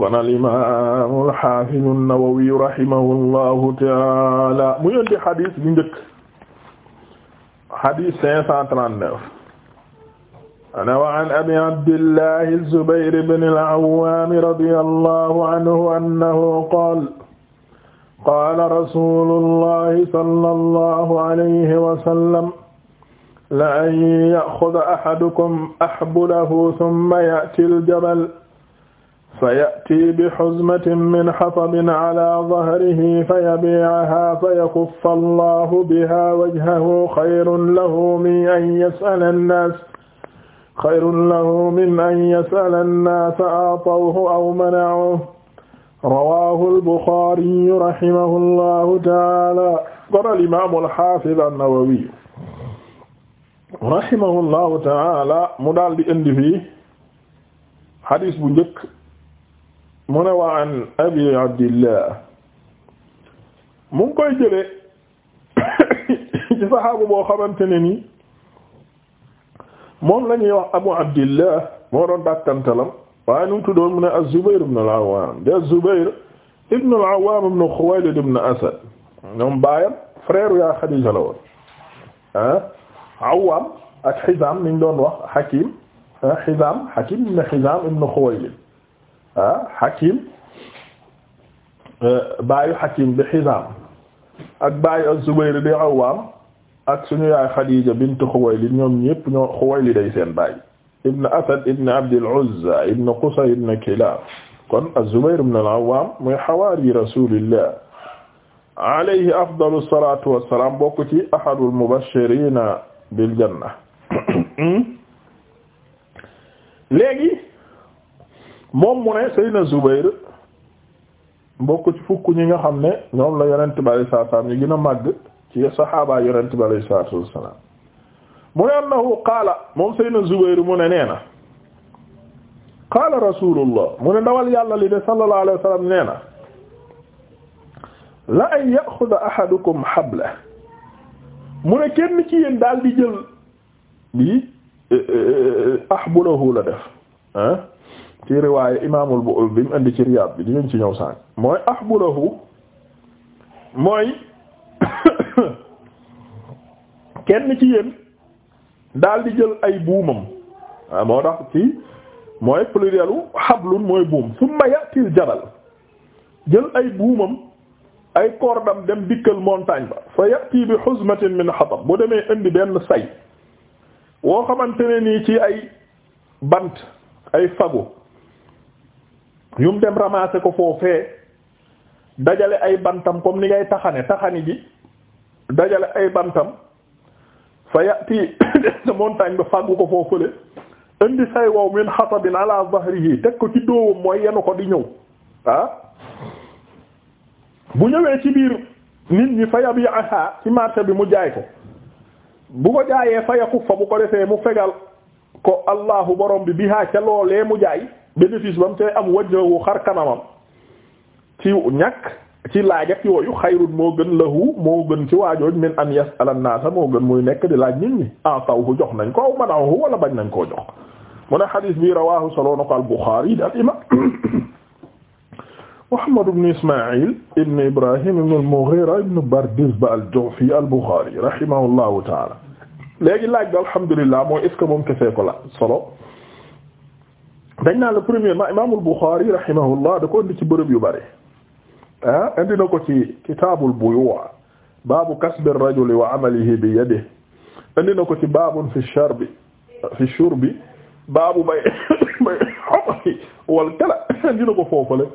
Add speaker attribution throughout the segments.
Speaker 1: kon al imaam al haafiz an-Nawawi rahimahullahu taala mu yëndi xadis bu njëkk xadis cinq cent trente-neuf ana wa an abi abdillah az-Zubayr ibn al-Awwam radiyallahu anhu annahu qaala qaala rasuulullahi sallallahu alayhi wa sallam la an ya'khudha ahadukum ahbulahu thumma ya'ti al-jabal فيأتي بحزمة من حطب على ظهره فيبيعها فيكف الله بها وجهه خير له من أن يسأل الناس خير له من أن يسأل الناس أعطوه أو منعوه رواه البخاري رحمه الله تعالى قال الإمام الحافظ النووي رحمه الله تعالى mu daal di indi fi hadiis bu njëkk mu ne waa an abi abdillah mu ngi koy jëlee ci saxaabu boo xamante ne ni moom la ñuy wax abu abdillah moo doon dàkkantalam waaye nu mu tuddoon mu ne az-Zubayr ibn al-Awwam de az-Zubayr ibn al-Awwam ibn Khuwaylid ibn Asad ñoom baayam frère yaa Xadiija la ak Hizaam niñ doon wax Hakim Hakim ibn Hizaam ibn Khuwaylid ah Hakim euh, baayu Hakim bi Hizaam ak baayu az-Zubayr bi Awaam ak suñu yaay Khadija bint Khuwaylid ñoom ñépp ñoo Khuwaylid day seen baay ibn Asad ibn Abd al-Uzza ibn Qusay ibn Kilab kon az-Zubayr ibn al-Awwam muy hawaari Rasulillah alayhi afdalu salatu wassalam bokk ci ahadul mubashirina bil janna hmm? léegi moom mu ne Seydina Zubayr mbokk ci fukk ñi nga xam ne ñoom la yonent bi alayhi salaatu gën a màgg ci saxaaba yonent bi alayhi salaatu mu ne annahu qaala moom Seydina Zubayr mu ne nee na qaala rasulullah mu ne dawal yàlla li de sallallahu alayhi wasallam nee na la an yaxuda ahadukum xabla mu ne kenn ci yéen daal di jël bi eh, eh, eh, ahbulahu la def ci riwaaye imaamul bu bi mu indi ci Riyaad bi dinañ ci ñëw sànq mooy ahbulahu mooy kenn ci yéen daal di jël ay buumam waaw moo tax ci mooy plurielu hablun mooy buum summa ya'til jabal jël ay buumam ay cordam dem dikkal montagne ba fa ya'ti bi huzmatin min hatab bu demee indi benn say woo xamante ne nii ci ay bant ay fagu yu mu dem ramasser ko foofee dajale ay bantam comme ni ngay taxane taxani ji dajale ay bantam fa yati sa montagne ba fàggu ko foofale indi say wow min xatabin ala zahrihi teg ko ci dóowam mooy yenu ko di ñëw ah. bu ñëwee ci biir nit ñi fa yabi aha ci marché bi mu jaay ko bu ko jaayee fa yakuf fa bu ko defee mu fegal ko allahu borom bi bihaa ca loolee mu jaay bénéfice ba mu tey am wajjawu xar kanamam ci ñàkk ci laaj ak yooyu xayrun moo gën lahu moo gën ci waajooj min an yas'al an-naasa moo gën muy nekk di laaj nit ñi atawhu ah jox nañ ko aw mana'uhu wala bañ nañ koo jox mu ne xadis bi rawahu soloo al-Buxaari yi al imam Muhammad ibn Ismaïl ibn laaj bi alhamdulillah mooy est-ce que solo dañ naa la premièrement imaamul Buxaari rahimahullah da ko indi ci bërëb yu bëri ah indi na ko ci kitaabul buyu' baabu kasbi rajuli wa amalihi bi yadihi indi na ko ci baabun fi sharbi fi shurbi baabu bay bay xobari wal kala indi na ko foofale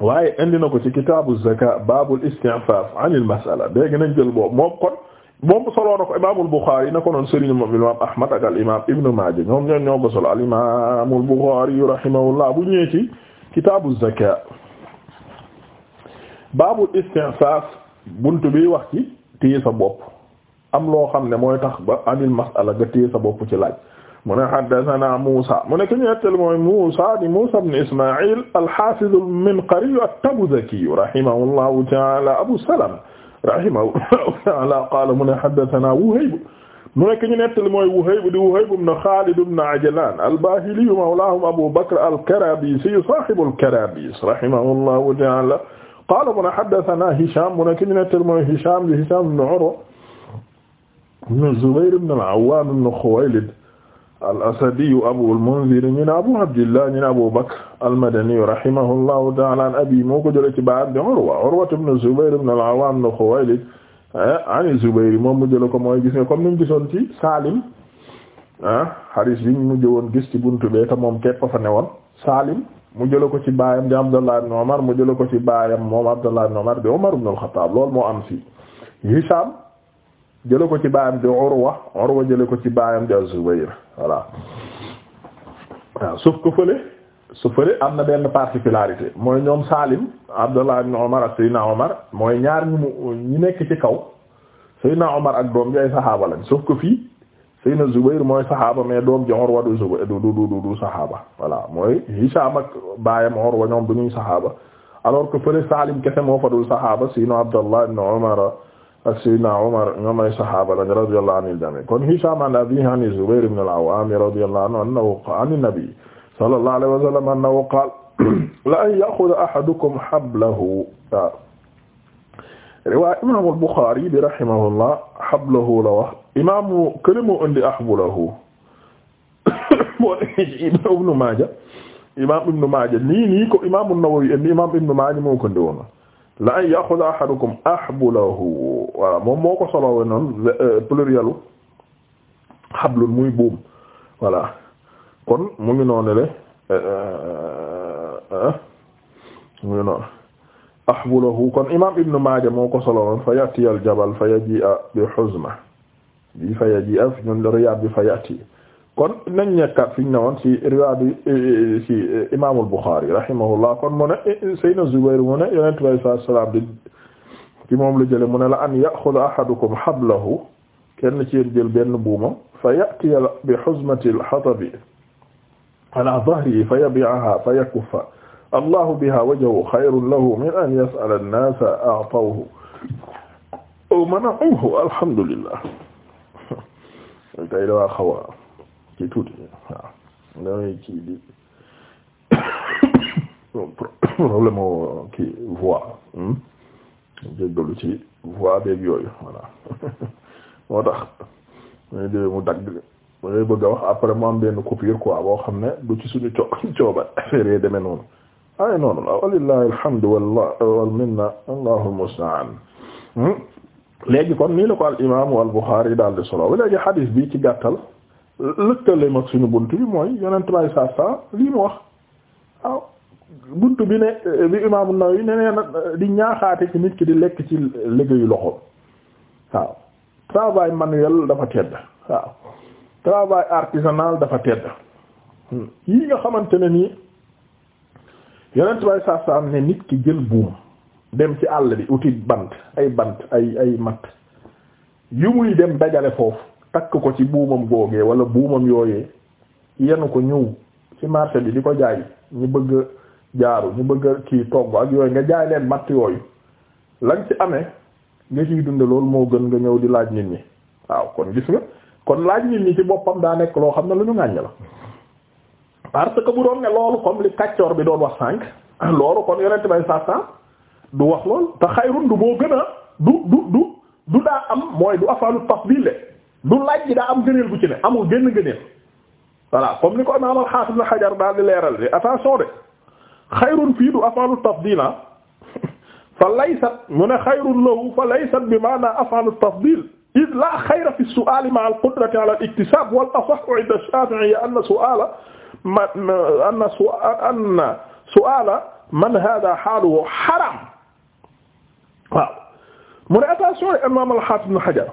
Speaker 1: waaye indi na ko ci kitaabu zaka baabul isti'faaf anil mas'ala dégg nañ jël boobu moom kon moom solo na ko imaamul Buxaari na ko noon sëriñ imaam Ahmad ak al imaam Ibn Maaja ñoom ñoo ñoo ko solo al imaamul Buxaari rahimahullah bu ñëwee ci kitaabu zakaa baabul istinsaas buntu bi wax ci téye bopp am loo xam ne mooy tax ba anil mas'ala nga téye bopp ci laaj mu ne haddasanaa Muusaa mu ne ki ñu nettali mooy Muusaa di Muusaa ibn Ismaa'iil al-Haafiz al-Minqari at-Tabuzaki rahimahullahu ta'aala Abu Salama rahimahu ta'ala qaala mu ne haddathana Wuhayb mu nekk ñu nettali mooy Wuhayb di Wuhayb ibn Khalid ibn Ajlan al-Bahili mawlahum Abu Bakr al-Karabisi sahibu al-Karabis rahimahullahu ta'ala qaala mu ne haddathana Hisham mu nekk ñu nettali mooy Hisham di Hisham ibn Urwa ibn Zubayr ibn al-Awwam ibn Khuwaylid al-Asadiyu Abul Munzir ñu ne Abu Abdillah ñu ne Abu Bakr al-Madaniyu rahimahullahu ta'ala an abi moo ko jëlee ci baayam di Urwa Urwa ibn Zubayr ibn al-Awwam ibn Khuwaylid ah, an Zubayr moom mu jëlee ko mooy gis nga comme ni mu gisoon ci Salim ah hadis bi mu jëwoon gis ci buntu bee te moom képp fa newoon Salim mu jëlee ko ci baayam di Abdullah ibn Umar mu jëlee ko ci baayam moom Abdullah ibn Umar di Umar ibn al-Khattab lool moo am si Hisham jële ko ci baayam di Urwa Urwa jële ko ci baayam di Az-Zubayr voilà waaw sauf que fële su fële am na benn particularité mooy ñoom Salim Abdullah ibn Umar ak Seydina Omar mooy ñaar ñu nekk ci kaw Seydina Omar ak doom ji ay saxaaba lañ sauf que fii Seydina Zubayr mooy saxaaba mais doom ji Urwa du Zubayr du du du du saxaaba voilà mooy Hisham ak baayam Urwa ñoom du ñuy saxaaba alors que fële Salim kese moo fa dul saxaaba sinon Abdullah ak Seydina Omar ñoom ay saxaaba lañ radiyallahu anil jami kon Hisham an abihi an Zubayr ibn al-Awwam radiyallahu anhu annahu an an-nabi sallallahu alayhi wa sallam annahu qaala la an ya'khudha ahadukum hablahu riwaaya imaam al-Bukhari bi rahimahullah hablahu la wax imaamu kële moo indi ahbulahu moo Ibn Maaja imaam Ibn Maaja nii nii ko imaam an-Nawawi indi imaam Ibn Maaja moo ko indi woon la an yaxuda ahadukum ahbulahu voilà ko euh, muy buum voilà kon mu ngi noonu le euh, euh, mu ngi noonu kon imam ibnu maaja moo ko solowoon fa yati al jabal yaji a bi huzma bi fa yaji a ñun bi fa yati kon nañ nekkat fi ñu ne woon ci riwaa bi eh, eh, ci eh, imaamul Buxaari rahimahullah kon mu ne Seydina Zubayr mu ne yonent bi saa salaam di ci moom la jële mu ne la an yaxuda ahadukum hablahu kenn ci yéen jël benn buumam fa yatiya bi huzmati al-hatabi ala dhahrihi fa yabi'aha fa yakuffa allahu biha wajhahu khayrun lahu min an yas'ala an-naasa a'tawhu aw oh, mana'uhu oh, alhamdulillah ci tuuti waaw damay ci bi problème o kii voix hmm? jéggalu ci voix beeg yooyu voilà moo tax muy dee mu dagg ba ngay bëgg a wax après mu benn coupure quoi boo xam ne du ci suñu co cooba affaire demee noonu ay noonu la walillahi alhamdu wallah wal minna allahu musta'an hmm? léegi kon nii la ko al imaamu al Bukhari daal di solo léegi hadith bi ci gàttal lëkkale mag suñu bunt bi mooy yonent bay saa saa lii mu wax waaw ah, bunt bi ne bi imaamu Nawawi ne nee di ñaaxaate ci nit ki di lekk ci liggéeyu loxo waaw travail manuel dafa tedd waaw travail artisanal dafa tedd hmm. yi nga xamante ne nii yonent bay saa saa ne nit ki jël buum dem ci àll bi uti bant ay bant ay ay matt yu muy dem dajale foofu takk ko ci buumam googee wala buumam yooyee yenu ko ñëw ci marché bi di ko jaay ñu bëgg a jaaru ñu bëgg kii togg ak yooyu nga jaay leen matt yooyu lañ ci amee nga ciy dund loolu moo gën nga ñëw di laaj nit ñi waaw kon gis nga kon laaj nit ñi ci boppam daa nekk loo xam ne lu ñu ŋàññ la parce que bu doon ne loolu comme li kàccoor bi doon wax sànq loolu kon yonent bay satan du wax lool te xayrun du moo gën a du du du daa am mooy du afalu bi du laaj ji daa am gëneel bu ci ne amul génn gëneel voilà comme ni ko imaam al-Hafiz Ibn Hajar daal di leeral de attention de xayrun fii du af'alu tafdil ah. fa laysat mu ne xayrun lahu fa laysat bi maana af'alu tafdil id la xayra fi su'al ma'a al-qudrati ala al-iktisab wal asahhu 'inda ash-Shafi'i anna su'ala man anna anna su'ala man hadha haluhu haram waaw mu ne attention de imaam al-Hafiz Ibn Hajar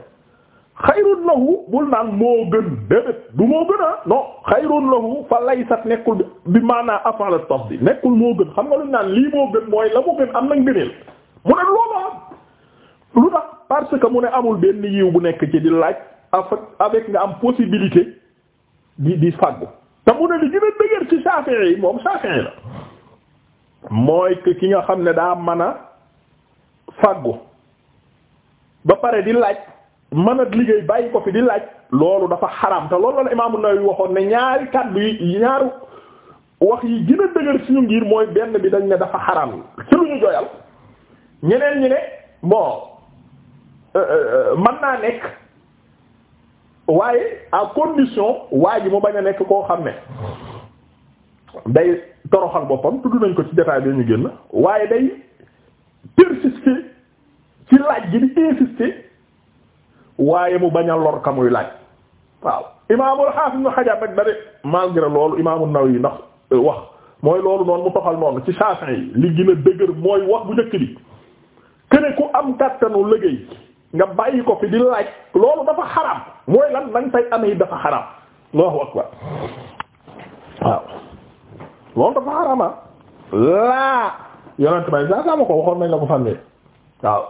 Speaker 1: xayrun lahu bul naan moo gën déedéet du moo gën a ah, non xayrun lahu fa laysat nekkul bi maanaa afala tafdil nekkul moo gën xam nga lu naan lii moo gën mooy la mu gën am na ngëneel mu ne loolu am lu tax parce que mu ne amul benn yiw bu nekk ci di laaj avec nga am possibilité di di fàggu te mu ne li gën a dëgër ci yi moom Shafi'i la mooy ki nga xam ne daa mën a fàggu ba pare di laaj mën a liggéey bàyyi ko fi di laaj loolu dafa xaram te loolu la Imaam An-Nawawi waxoon ne ñaari kàddu yi ñaaru wax yi gën a dëgër suñu ngir mooy benn bi dañ ne dafa xaram ci ñu joyal ñeneen ñi ne bon euh, euh, man naa nekk waaye à condition waa gi mu bañ a nekk koo xam ne day toroxal boppam tudd nañ ko ci détail bi ñu génn waaye day persister ci laaj gi di insister waaye mu bañ a lor ka muy laaj waaw imaamul xaafis nu xajaar nag dare malgré loolu imaamu Nawawi ndax euh, wax mooy loolu noonu mu toxal noonu ci Shafi'i yi li gën dëgër mooy wax bu njëkk bi kene ku am kàttanu liggéey nga bàyyi ko fi di laaj loolu dafa xaram mooy lan lañ tay amee dafa xaram Allahu akbar waaw loolu dafa xarama ah. laa yonent bay saa saa ma ko waxoon nañ la ko fànnee waaw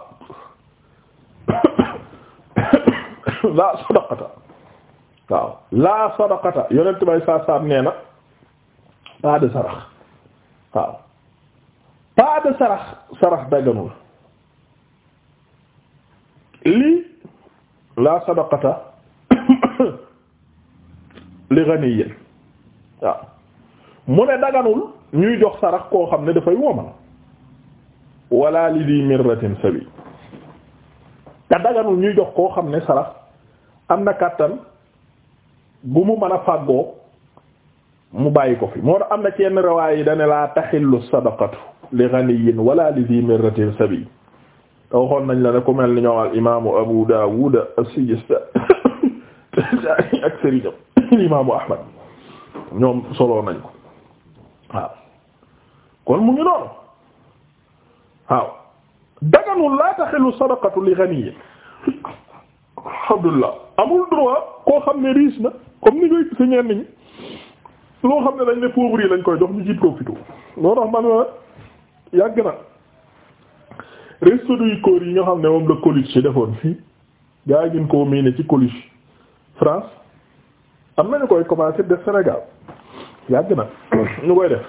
Speaker 1: laa sadaqata waaw laa sadaqata yonent bay saa saam nee na pas de sarax waaw pas de sarax sarax daganul lii laa sadaqata li ghaniyin waaw mu ne daganul ñuy jox sarax koo xam ne dafay womal wala li di mirratin sabi te daganul ñuy jox koo xam ne sarax am na kàttan bu mu mën a fàggoo mu bàyyi ko fi moo tax am na kenn rawaay yi dane laa taxillu sadaqatu li ghaniyin wala li dhi sabi te waxoon nañ la ne ku mel ni ñoom al imaamu abu daawud as-sijistani ak sëriñam imaamu ahmad ñoom solo nañ ko waaw kon mu ngi noonu waaw daganul laa taxillu sadaqatu li ghaniyin alhamdulillah amul droit koo xam ne riche na comme ni ngay si ñenn ñi loo xam ne dañ ne pauvre yi lañ koy jox ñu ci profité loo tax man la euh, yàgg na resto du corps yi nga xam ne moom la Coluche ci defoon fii gaa yi gën koo miine ci Coluche France am nañu koy commencé def Sénégal yàgg na ñu koy def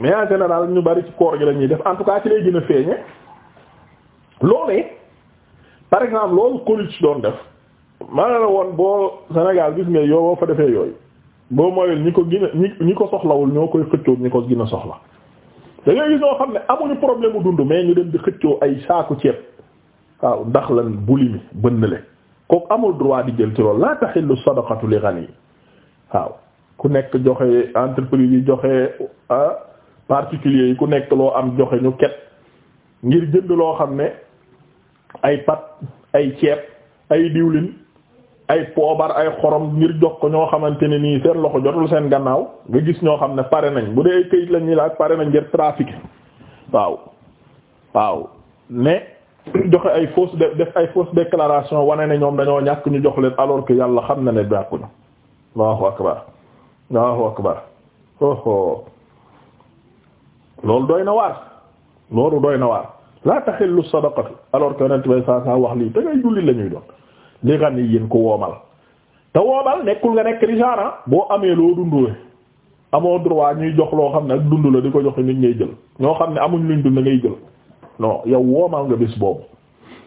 Speaker 1: mais en général ñu bari ci koor gi la ñuy def en tout cas ci lay gën a feeñe loolee par exemple loolu Coluche doon def maa ne la woon boo Sénégal gis nga yow boo fa defee yooyu boo moyul ñi ko gina ñi ñi ko soxlawul ñoo koy xëccoo ñi ko gina soxla da ngay gis ñoo xam ne amuñu problème mu dund mais ñu dem di xëccoo ay saaku ceeb waaw ndax lan buli mi bënn le kooku amul droit di jël ci loolu la lu sadaqatu li ghani waaw ku nekk joxe entreprise yi joxe ah, particulier yi ku nekk loo am joxe ñu ket ngir jënd loo xam ne ay pat ay ceeb ay diwlin ay poobar ay xorom ngir jox ko ñoo xamante ne nii seen loxo jotul seen gannaaw nga gis ñoo xam ne pare nañ bu dee ay këyit lañ laaj pare nañ ngir trafic waaw waaw mais joxe ay fausse def ay fausse declaration wane ne ñoom dañoo ñàkk ñu jox leen alors que yàlla xam na ne ñàkkuñu Allahu akbar Allahu akbar oho loolu doy na waar loolu doy na waar la tahillu sadaqatu alors que yonent bay wax lii te ngay julli la ñuy doon li xam yi yéen ko woomal te woomal nekkul nga nekk richard ah, boo amee loo dundule amoo droit ñuy jox loo xam ne ak dund la di ko jox nit ngay jël ñoo xam ne amuñ luñ dund ngay jël non yow woomal nga bis boobu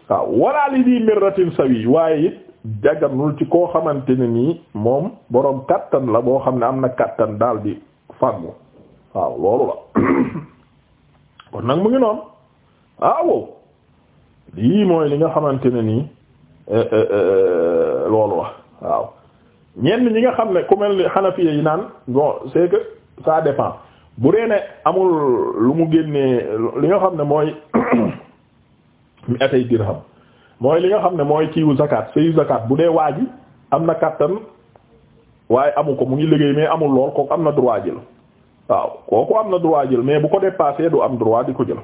Speaker 1: waaw walla li di mirratin sawi waaye it jaganul ci koo xamante ne nii moom boroom kattan la boo xam ne am na kattan daal di fàggu waaw loolu la kon nag mu ngi noonu ah, waaw lii mooy li nga xamante ne nii Euh, euh, euh, loolu la waaw ñenn ñi nga xam ne ku mel ni xanafiya yi naan bon c'est que ça dépend bu dee ne amul lu mu génnee li nga xam ne mooy mi atay dirham mooy li nga xam ne mooy kiiwu zakat sayu zakat bu dee waa ji am na kàttan waaye amu ko mu ngi liggéey mais amul lool kooku am na droit jël waaw kooku am na droit jël mais bu ko dépassé du am droit di ko jël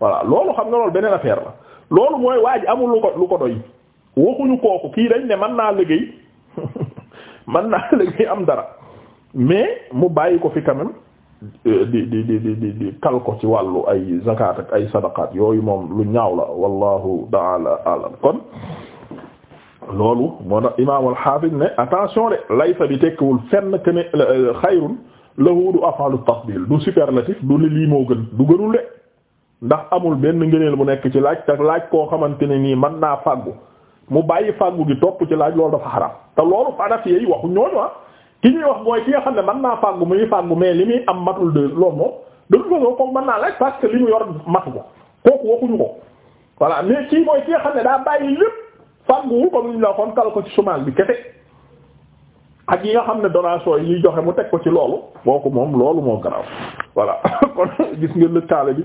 Speaker 1: voilà loolu xam nga loolu beneen affaire la loolu mooy waa ji amul lu ko lu ko doy waxuñu kooku kii dañ ne man naa liggéey man naa liggéey am dara mais mu bàyyi ko fi quand euh, di di di di di kal ko ci wàllu ay zakat ak ay sadaqat yooyu moom lu ñaaw la wallahu taala alam kon loolu moo tax imaam al-Hafiz ne attention de laysa bi tekkiwul fenn que ne euh, euh, xayrun lahu du afalu tafdil du superlatif du ne lii moo gën du gënul de ndax amul benn ngëneel bu nekk ci laaj te laaj koo xamante ne nii mën naa fàggu mu bàyyi fàggu gi topp ci laaj loolu dafa xaram te loolu Hanafi yi waxu ñooñu ah ki ñuy wax mooy ki nga xam ne man naa fàggu muy fàggu mais li muy am matul de loolu moom de toute façon kooku naa laaj parce que li mu yor matu ko kooku waxuñu ko voilà mais kii mooy ki nga xam ne daa bàyyi lépp fàgguwul comme ñu la waxoon kal ko ci sumaal bi kese ak yi nga xam ne donation yi ñuy joxe mu teg ko ci loolu kooku moom loolu moo garaaw voilà kon gis nga lëkkaale bi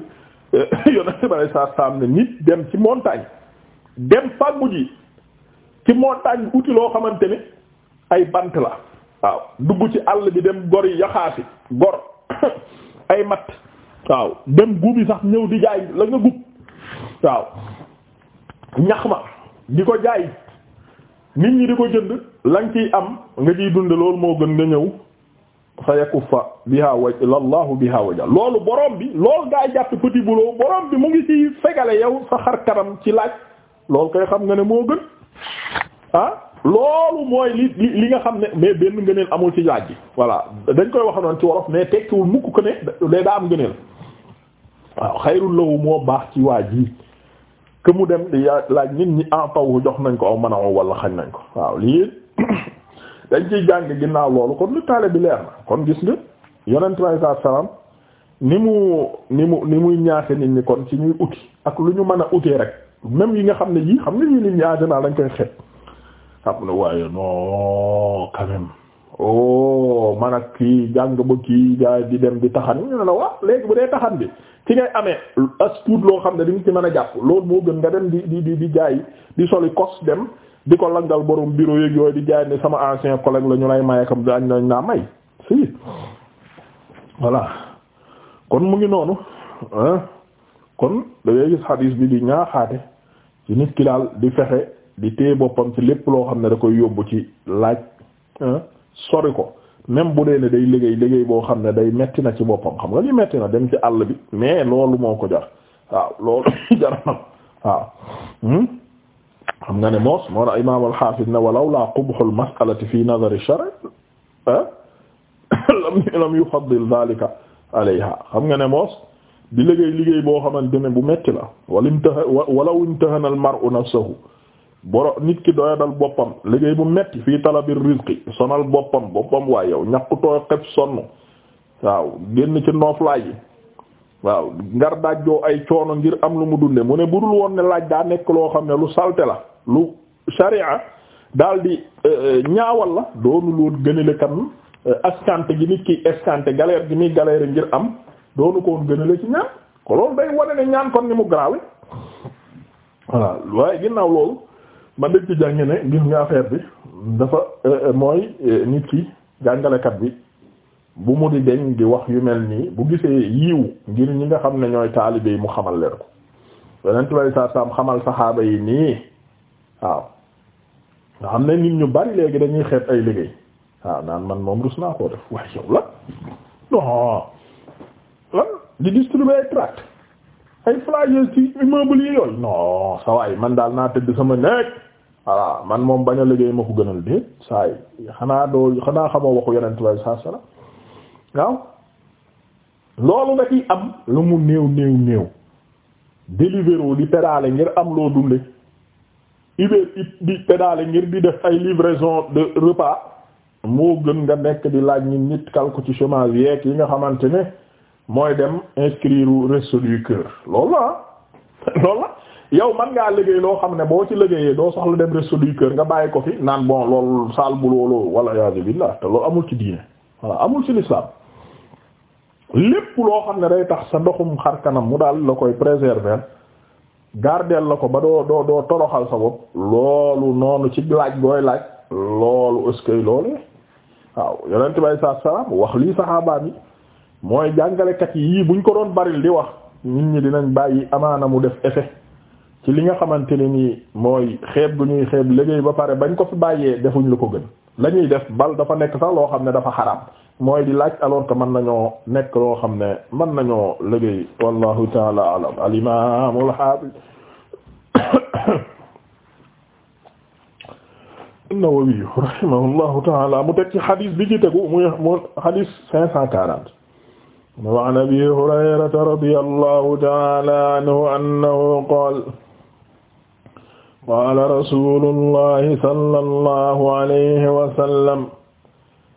Speaker 1: yonent bi sallallahu alayhi wasallam ne nit dem ci montagne dem fàggu ji ci moo uti loo xamante ni ay bant la waaw dugg ci àll bi dem gor yi yaxaasi gor ay matt waaw dem guubi sax ñëw di jaay la nga gub waaw ñax ma di ko jaay nit ñi di ko jënd lañ ciy am nga ciy dunde loolu moo gën nga ñëw fa yakuffa biha waj lallahu biha waja loolu borom bi loolu daa jàpp petit boulot borom bi mu ngi ci fegale yow sa xar kanam ci laaj lool koy xam nga ne moo gën ah loolu mooy li li nga xam ne mais benn ngëneel amul ci laaj bi voilà dañ koy wax noonu ci wolof mais tekkiwul mukk ko ne day daa am ngëneel waaw xayrul lahu moo baax ci waa ji que mu dem ya laaj nit ñi en taw jox nañ ko aw mën a wala xañ nañ ko waaw lii dañ ciy jàng ginnaaw loolu kon lu taale bi leer na kon gis nga yonent bi saa salaam ni mu ni mu ni muy ñaaxe nit ñi kon ci ñuy uti ak lu ñu mën a utee rek. même yi nga xam ne yii xam ne yii nit ñi en général dañ koy xet xam ne waaye non quand même oh, man ak kii jàng ba kii gaa di dem di taxan ñu ne la waaw léegi bu dee taxan bi ci ngay amee as loo xam ne di nga mën a jàpp loolu moo gën nga dem di di di jaay di soli kos dem di ko langal borom bureau yeeg yooyu di jaay ne sama ancien collègue la ñu lay maye comme daañu nañ naa may si voilà kon mu ngi noonu ah kon da gis hadis bi di ñaaxaate. ci nit ki daal di fexe di téye boppam ci lépp loo xam ne da koy yóbbu ci laaj sori ko même bu dee ne day liggéey liggéey boo xam ne day metti na ci boppam xam nga li metti na dem ci àll bi mais loolu moo ko jar waaw loolu jar na waaw hmm? xam nga ne moos moo na imam al-Hafiz ne walaw la qubhul mas'alati fi nazar ash-shar' lam yufaddil dhalika alayha xam nga ne moos di liggéey liggéey boo xamante ne bu metti la wala imtaha walaw imtahana al mar'u nafsahu boro nit ki doyadal boppam liggéey bu metti fii talabir rizqi sonal boppam boppam waaye yow ñàkkutoo xeb sonn waaw génn ci nooflaay yi waaw ngar dajjoo ay coono ngir am lu mu dunde mu ne budul woon ne laaj daa nekk loo xam ne lu salte la lu sharia daal eh, eh, ñaawal la doonu loon gënale kan askante eh, gi nit ki eskante galère gi muy galère ngir am doonu ko woon gënale ci ñaan ko loolu day wane ñaan kon ni mu graawe voilà waaye ginnaaw loolu ma dëgg ci jàngi ne gis nga affaire bi dafa euh, euh, mooy euh, nit ki jàngalekat bi bu mu di deñ di wax yu mel nii bu gisee yiw ngir ñi nga xam ne ñooy taalibe yi mu xamal leen ko yonent bi saam xamal saxaaba yi nii waaw nga xam ne nit ñu bari léegi dañuy xeet ay liggéey waaw naan man moom rus naa koo def waaye yow la di distribuer ay ay flyers ci immeuble yi yooyu non sa waay man daal naa tëdd sama nekk voilà man moom bañ a liggéey ma ko gënal de saa yi xanaa doo xanaa xamoo waxu yeneen tubaab saa sala waaw loolu nga ciy am lu mu néew néew néew délivrer di pédale ngir am loo dunde Uber it di pédale ngir di def ay livraison de repas moo gën nga nekk di laaj ñi nit kal ci chômage yeeg yi nga xamante ne. mooy dem inscrire au resto du loolu ah. yow man ngaa loo xam ne boo ci liggéeyee doo soxla dem resto du nga bàyyi ko fi naan bon loolu saal bu loolu wala yaa billah amul ci diine voilà amul ci l'islam loo xam ne day tax sa ndoxum xar kanam mu daal la koy préserver gardeel la ko ba doo doo doo toroxal sa bopp loolu noonu ci laaj booy laaj loolu est-ce que loolu waaw yonent bay sa salaam wax lii saxaaba yi mooy jàngalekat yi buñ ko doon baril di wax nit ñi dinañ bàyyi amaana mu def effet ci li nga xamante ne nii mooy xeeb gu ñuy xeeb liggéey ba pare bañ ko fi bàyyee defuñ lu ko gën la ñuy def bal dafa nekk sax loo xam ne dafa xaram mooy di laaj alors que mën nañoo nekk loo xam ne man nañoo liggéey wallahu taala alam al imam al hafiz an-Nawawi rahimahullahu taala mu teg ci xadis bi ci tegu muy mu xadis cinq cent quarante wa an abi hurayrata radiyallahu ta'ala anhu annahu qaala qaala rasuulullahi sallallahu alayhi wa sallam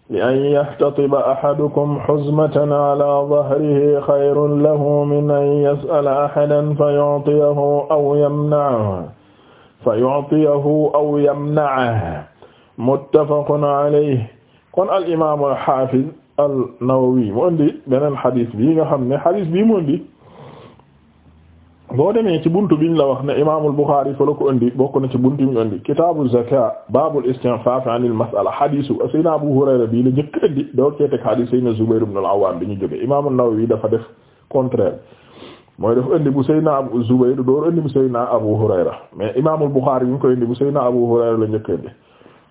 Speaker 1: li an yahtatiba ahadukum huzmatan ala dhahrihi khayrun lahu min an yas'ala ahadan fayu'tiyahu aw yamna'ahu fayu'tiyahu aw yamna'ahu muttafaqun alayhi kon al imaam al haafiz an-Nawawi mu indi beneen xadis bii nga xam ne xadis bii mu indi boo demee ci buntu biñ la wax ne imaamul Buxaari fa la ko indi bokk na ci buntu bi ñu indi kitaabu zakaat baabul istinfaaf anil mas'ala xadisu Seydina Abu Hurayra bii la jëkk indi doo cee teg xadis Seydina Zubayr ibn al-Awwaam bi ñu jógee imaamu Nawawi dafa def contraire mooy dafa indi bu Seydina Abu Zubayr doo indi bu Seydina Abu Hurayra mais imaamul Buxaari bi ñu koy indi bu Seydina Abu Hurayra la njëkk indi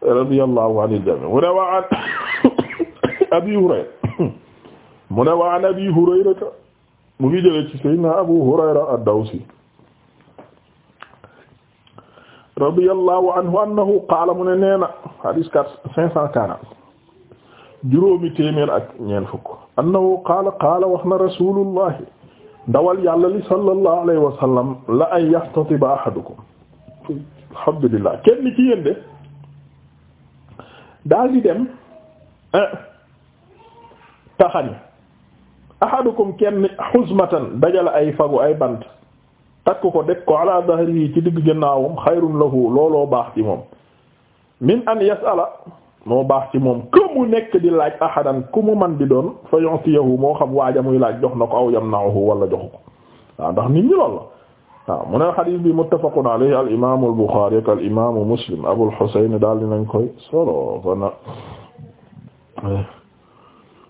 Speaker 1: radiyallahu anil jamii' abi hurayra mu ne waan abi hurayrata mu ngi jëlee ci sayyidina abu hurayra ad-dawsi radiyallahu anhu annahu mu ne nee na hadis quatre cinq cent quarante juróomi téeméer ak ñeent fukk annahu qaala qaala wax na ndawal yàlla li sallallahu alayhi wa sallam la an yahtatiba ahadukum alhamdulillah kenn ci yéen de daal di dem taxani ahadukum kenn dajal ay fagu ay bant takk ko deg ko ala dahrihi ci digg ginnaawam xayrun lahu looloo baax ci moom min an yasala moo baax ci moom ku mu nekk di laaj ahadan ku mu man di doon fa yu'tiyahu moo xam waaja muy laaj jox na ko aw yamna'uhu wala joxu ko ndax nit ñi lool la waaw mu ne xadiis bi muttafaqun alayhi al imaamu al buxaari muslim abul xuseyn daal dinañ koy solo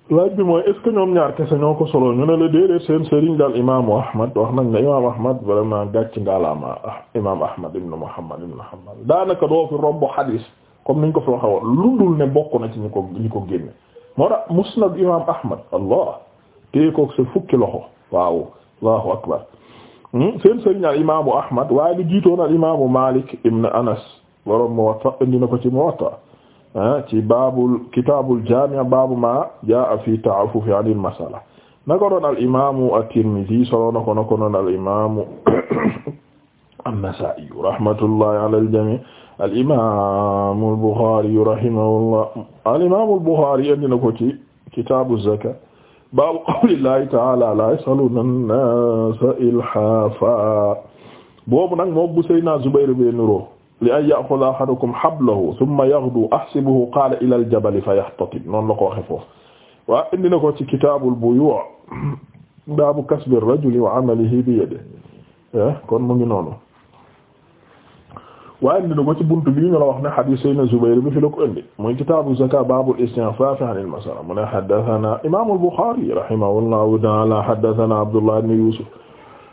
Speaker 1: laaj bi mooy est-ce que ñoom ñaar kese ñoo ko solo ñu ne la déedéet seen sëriñ daal imaamu Ahmad wax nañ ne imaamu Ahmad vraiment gàcc ngaalaama ah, imaamu Ahmad ibn Muhammad ibn Hanbal daanaka doo fi romb xadiis comme niñ ko fi waxee woon lu dul ne bokk na ci ñu ko ñu ko génne. moo tax musnad imaam Ahmad allah téye koog sa fukki loxo waaw allahu akbar hmm? seen sëriñ daal imaamu Ahmad waaye lu jiitoon al imaamu Maalik ibn Anas borom Muwatta indi na ko ci Muwatta. Ah ci baabul kitaabul jaami' baabu maa jaa'a fii ta'affufi 'anil mas'ala naka doon al imaamu at-Tirmidhi solo na ko na ko doon al imaamu an-Nasaa'i rahmatullahi 'ala al-jamii' al imaamu al-Bukhaari rahimahullah al imaamu al-Bukhaari indi na ko ci kitaabu zakaat baabu qawlillahi ta'aala laa yas'aluuna an-naasa ilhaafaa boobu nag moom bu Seydina Zubayr bin Nuuru li an ya'khudha ahadukum hablahu thumma yaghdu ahsibuhu qala ila al-jabal fa yahtatib noonu la ko waxe foofu waaw indi na ko ci kitaabul buyu' baabu kasbi ar-rajuli wa 'amalihi bi yadihi eh, kon mu ngi noonu waaye indi na ko ci buntu bi ñu la wax ne hadith sayna Zubayr bi fi la ko indi muy kitaabu zakat baabul isti'faaf 'an al-masala mu ne haddathana imaam al-Bukhari rahimahullahu ta'ala haddathana Abdullah ibn Yusuf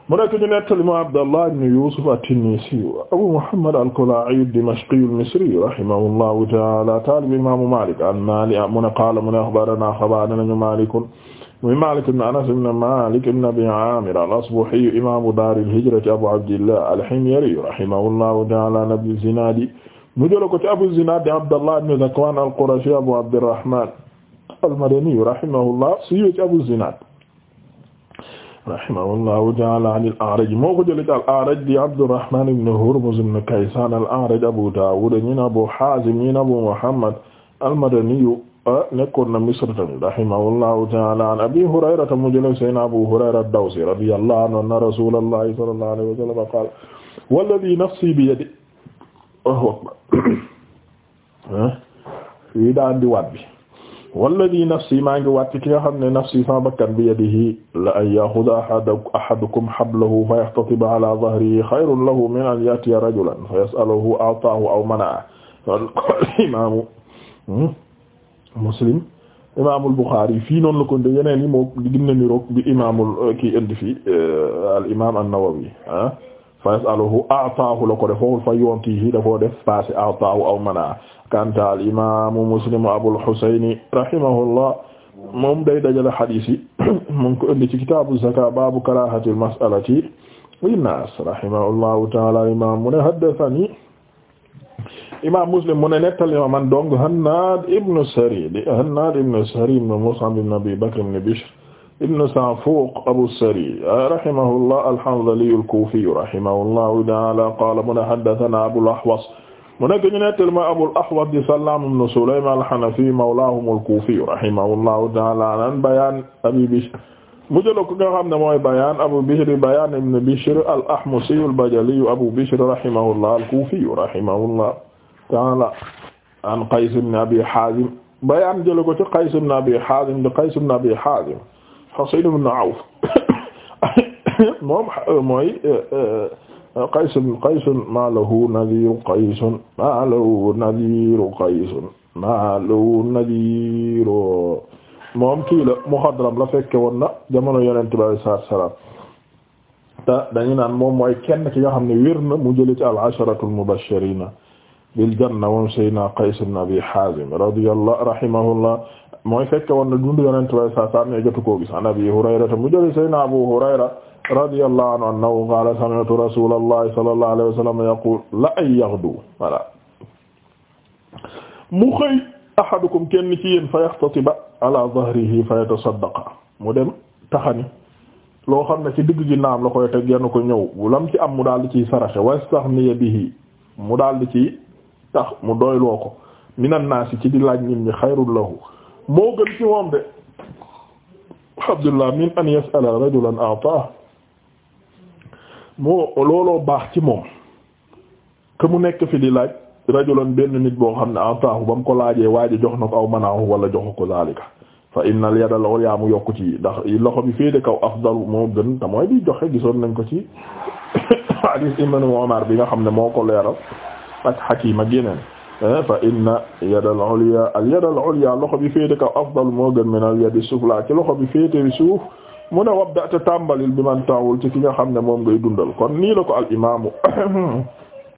Speaker 1: mu nekk ñu nettali mu Abdallah ibn Yusuf at-Tinnisi Abu Muhammad al-Kala'i ad-Dimashqi al-Misri rahimahullahu ta'ala taalib imaamu Malik an-Mali mu ne qaala mu ne akhbarana xabaana nañu Malikun muy Malik ibn Anas ibn Malik ibn Abi Amir al-Asbahi imaamu dar al-hijra Abu Abdillah al-Himyari rahimahullahu ta'ala nabi Zinadi mu jël ko ci Abu Zinad Abdallah ibn Zakwan al-Qurashi Abu Abdirrahman al-Madani rahimahullah ci Abu Zinad rahimahullahu ta'ala an al-A'raj moo ko jëlee ci al-A'raj di Abdurrahman ibn Hurmuz ibn Kaysan al-A'raj Abu Dawud ñi na Abu Hazim ñi na Abu Muhammad al-Madaniyu ah, nekkoon na Misr tamit rahimahullahu ta'ala an Abi Hurayrata mu jëlee Sayyidina Abu Hurayra ad-Dawsi radiyallahu anhu anna Rasulallahi sallallahu alayhi wa sallam qaala walladhi nafsi bi yadihi ah, fii daa andi waat bi walladi nafsi maa ngi wàcc ki nga xam ne nafsi sama bakkan bi yadihi la an yaxuda ahada ahadukum hablahu fa yaxtatiba ala dahrihi xayrun lahu min an yatiya rajulan fa yasaluhu ataahu aw manaa loolu imaamu hmm, muslim imaamul buxaari fii noonu la ko de yeneen yi moo gën na niroog bi imaamul kii indi fii eh, al imaam an-nawawi ah fa yasaluhu ataahu la ko def foofu fa yontihi da koo def passé ataahu aw mana kanta al imamu muslim abul husayn rahimahullah moom day dajale hadis yi mu ngi ko indi ci kitaabu zaka baabu karahati al mas'alati linnas rahimahullahu taala imam mu ne haddathani imam muslim mu ne nettali ma man dong hannad ibnu sari di hannad ibnu sari ibnu mus'ab ibnu abi bakr ibnu bishr ibn Saafuq Abu Sari rahimahullah al-Hanzali al-Kufi rahimahullahu ta'ala qaala mu ne haddathanaa Abul Ahwas mu nekk ñu nettali ma Abul Ahwas di Sallaam ibn Sulaym al-Hanafi mawlaahum al-Kufi rahimahullahu ta'ala an Bayaan Abi Bishr mu jëloon ko nga xam ne mooy Bayaan Abu Bishr Bayaan ibn Bishr al-Ahmusi al-Bajali Abu Bishr rahimahullah al-Kufi rahimahullahu ta'ala an Qays ibn Abi Haazim Bayaan jëloon ko ci Qays ibn Abi Haazim di Qays ibn Abi Haazim Husayn ibn Awf moom euh, mooy Qays euh, euh, Qays ma lahu nadhiir Qays ma lahu nadhiir Qays ma lahu nadhiir moom kii la muxadram la fekke woon na jamono Yonent bi sallallahu alayhi wasallam te dañu naan moom mooy kenn ki nga xam ne wér na mu jële ci al-asharatu al-mubashshirina bil janna moom Sayyidina Qays ibn Abi Haazim radiyallahu rahimahullah mooy fekke woon na dundu yonent way sa sa ne jotu ko gis an Abi Hurayrata mu jële na Abu Hurayra radiyallahu anhu annahu qala sami'tu rasulallahi sallallahu alayhi wa sallam yaqul la ay yaghdu voilà mu xëy fa yahtatiba ala mu dem taxani loo xam ne ci digg gi naam la koy teg yenn ko ñëw bu lam ci am mu daal di ciy saraxe wastaghniya bihi mu daal di ci tax mu doyloo ko minan naasi ci di laaj nit ñi xayrul lahu moo gën ci moom de Abdullah min an yas'ala rajulan a'taahu moo looloo baax ci moom que mu nekk fi di laaj rajulan benn nit boo xam ne a'taahu ba mu ko laajee waaji jox na ko aw manaahu wala joxu ko zaalika fa innal yada loolu mu yokku ci ndax loxo bi féete kaw afdalu moo gën te mooy di joxe gisoon nañ ko ci hadith Ibn Umar bi nga xam ne moo ko leeral ak Hakim ak Eh, fa inna yada al-ulya al-yada al-ulya loxo bi féete kaw afdal moo gën min al-yadi sufla ci loxo bi féete bi suuf mu ne wabda te tàmbalil bi man taawul ci ki nga xam ne moom ngay dundal kon nii la ko al imaamu